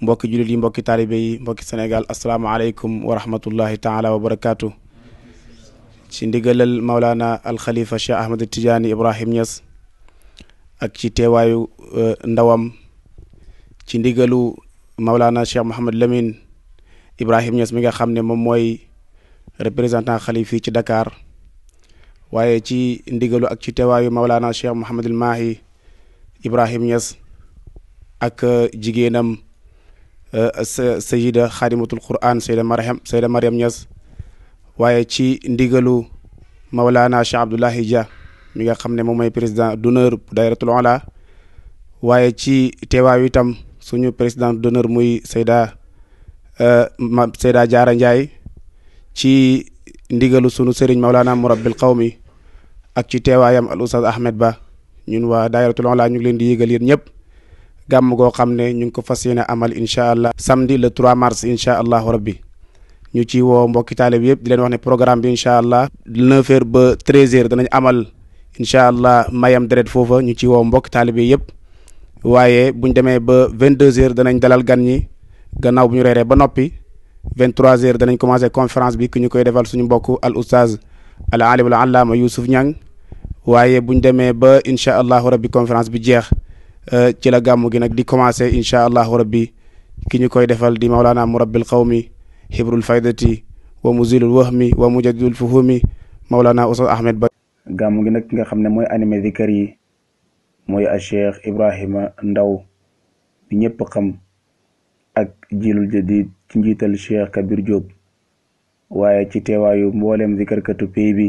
mbokki jullit yi mbokki taalibe yi mbokki Sénégal asalaamaaleykum wa rahmatullahi taala wa barakaatu. ci ndigalal Maulana al Khalifa Cheikh Ahmed Ibrahim Niass ak ci teewaayu e, ndawam ci ndigalu Maulana Cheikh Mouhamed Lamine Ibrahim Niass mi nga xam ne moom mooy représentant xalif fii ci Dakar waaye ci ndigalu ak ci teewaayu Maulana Cheikh Mouhamed El Ibrahim Niass ak e, jigéenam. Eh, sayida xaadimatul quran sayida mariam sayida mariam Niass waaye ci ndigalu Maulana Cheikh Abdoulahi Dia mi nga xam ne moom mooy président d'honneur dairatul ola waaye ci teewaayu itam suñu président d'honneur muy sayda eh, sayda Jaara Njaay ci ndigalu sunu sëriñ Maulana murabbil qawmi ak ci yam al ustaz Ahmed Ba ñun waa dairatul ola ñu ngi leen di yëgal yéen ñëpp gàmm go xamne ñu ko fasiyene amal inshallah samedi le 3 mars inshallah rabbi ñu ci wo mbokki talib yeb di len wax ne programme bi inshallah 9h ba 13h danañ amal inshallah mayam deret foofa ñu ci wo mbokki talib yeb waye buñ démé ba 22h danañ dalal gan ñi gannaaw buñu réré ba nopi 23h danañ commencé conférence bi ki ñu koy defal suñu mbokk al oustaz al alim al allama yusuf ñang waye buñ démé ba inshallah rabbi conférence bi jeex. Euh, ci la gàmmu gi nag di commencé incha allahu rabbi ki ñu koy defal di mawlaana murabbil qawmi hibrul faydati wa muzilul wahmi wa mujaddidul fuhumi mawlaana ustaz ahmed ba gàmmu gi nag ki nga xam ne mooy animé zikar yi mooy a cheikh ibrahima ndaw bi ñëpp xam ak jiilul jadid ci njiital cheikh kabir Diop waaye ci teewaayu mbooleem zikarkatu pay bi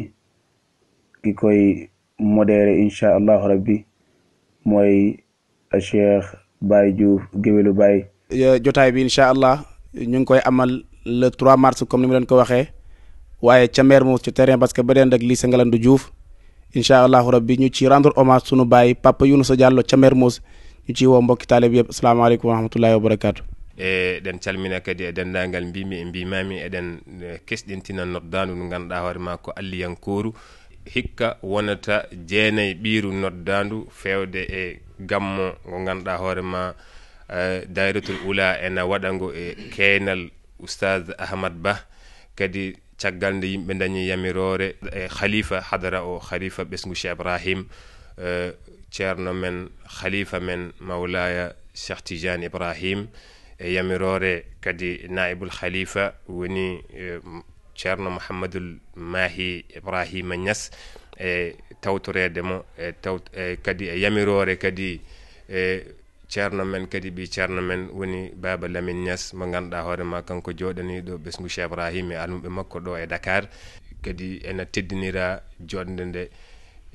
ki koy modéré incha allahu rabbi mooy cheikh Baye Diouf géwélu Baye. jotay bi inshallah allah ñu ngi koy amal le 3 mars comme ni mu leen ko waxe waye ci mer mu ci terrain parce que ba deen rek lycée Ngalandou Diouf inshallah rabbi ñu ci rendre hommage sunu bay. papa Yunus Diallo mer Mermoz ñu wo woo talib yeb assalamu alaykum wa rahmatullahi wa barakatuh e den calmina kadi e denndaangal mami e mbimami eɗen e, tinan noddaandu danu ngannduɗaa hore ma ko alliyankooru hikka wonata jeenayi ɓiiru danu fewde e gammo ngo ganduɗa hoore ma ula ena waɗango e keynal oustad ahmad ba kadi caggal nde yimɓe dañi yamirore e khalifa hadara o khalifa ɓesgu cheikh ibrahim ceerno men khalifa men mawlaya cheikh tidiane ibrahim e yamirore kadi naibul khalifa woni ceerno mouhamadoul mahi ibrahima nias e tawtorede mo e taw e kadi e yamirore kadi e ceerno men kadi ɓi ceerno men woni baba lamin nias mo ganduɗa hoorema kanko ɗo ɓesgu cheikh ibrahima e almuɓe makko ɗo e dakar kadi ena teddinira joɗde nde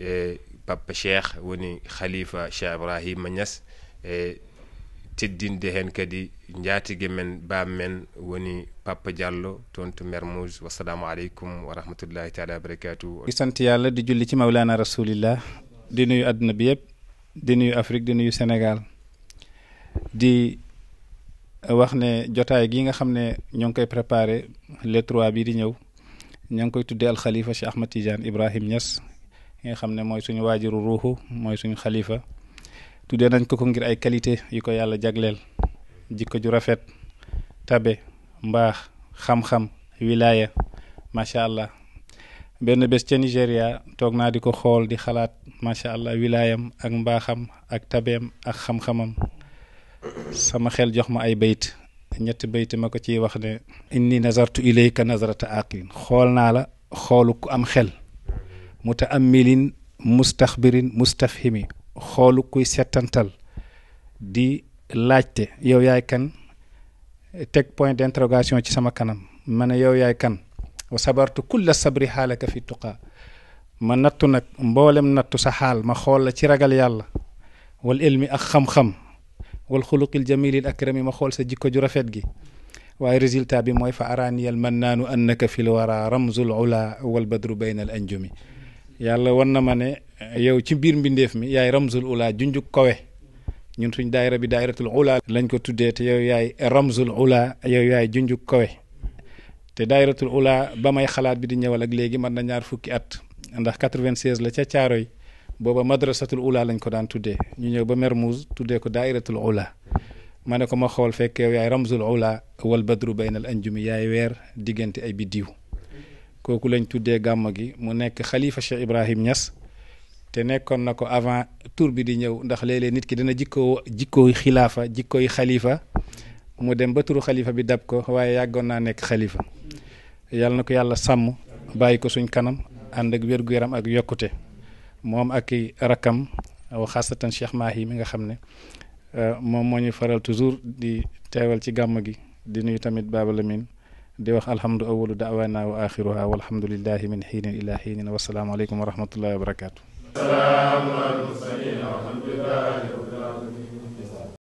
e pappa cheikh woni khalifa cheikh ibrahima nias e teddinde hen kadi jatigue men bam men woni papa diallo toon to mermouse wassalamu aleykum wa rahmatullahi taala wa barakatuhu sant yàlla di julli ci mawlana rasulillah di nuyu àdduna bi yëpp di nuyu afrique di nuyu senegal di wax ne jotaay gi nga xam ne ñoo ngi koy préparé le trois bi di ñëw ñoo ngi koy tuddee alxalifa Cheikh Ahmad Tidiane Ibrahim Niass nga xam ne mooy suñu waajiru ruuxu mooy suñu xalifa tuddee nañ ko ko ngir ay qualité yu ko yàlla jagleel jikko ju rafet tabe mbaax xam-xam wilaaya macha allah benn bés ca Nigéria toog naa di ko xool di xalaat macha allah wilayam ak mbaaxam ak tabeem ak xam-xamam sama xel jox ma ay bayt ñetti bayt ma ko ciy wax ne inni nazartu ilayka nazrata aqlin xool naa la xoolu ku am xel mutaamilin mustaxbirin mustafhimi xoolu kuy settantal di laajte yow yaay kan teg point d'interrogation ci sama kanam ma ne yow yaay kan wa sabartu kulla sabri xaalaka fi tuqa ma nattu nag mboolem nattu sa xaal ma xool la ci ragal yàlla wal ilmi ak xam-xam wal xuluqil jamilil akrami ma xool sa jikko ju rafet gi waaye résultat bi mooy fa araaniyal mannaanu annaka fil wara ramzul ula wal badru bayna al anjumi yàlla wan na ma ne yow ci biir mbindeef mi yaay ramzul ula junjuk kowe ñun suñ daayira bi daayiratul ula lañ ko tuddee te yow yaay ramzul ula yow yaay junjuk kowe te daayiratul ula ba may xalaat bi di ñëwal ak léegi man na ñaar fukki at ndax 96 la ca caaro Caaroy booba madrasatul ula lañ ko daan tuddee ñu ñëw ba Mermoz tuddee ko daayiratul ula ma ne ko ma xool fekk yow yaay ramzul ula wal badru baynal anjumi yaay weer diggante ay biddiw kooku lañ tuddee gàmm gi mu nekk xalifa Cheikh Ibrahim te nekkoon na ko avant tour bi di ñëw ndax léeg-léeg nit ki dana jikkoo jikkooy xilaafa jikkooy xalifa mu dem ba turu xalifa bi dab ko waaye yàggoon naa nekk xalifa yàlla na ko yàlla sàmm bàyyi ko suñ kanam ànd ak wer yaram ak yokkute moom ak rakam aw xaasatan Cheikh Mahi mi nga xam ne moom moo ñu faral toujours di teewal ci gàmm gi di nuyu tamit Baba Lamine di wax alhamdu awalu daawaana wa axiruha walhamdulillahi min xiinin ila xiinin wasalaamualeykum wa rahmatullahi wa barakaatu salaamun alal mursaliin walhamdulillah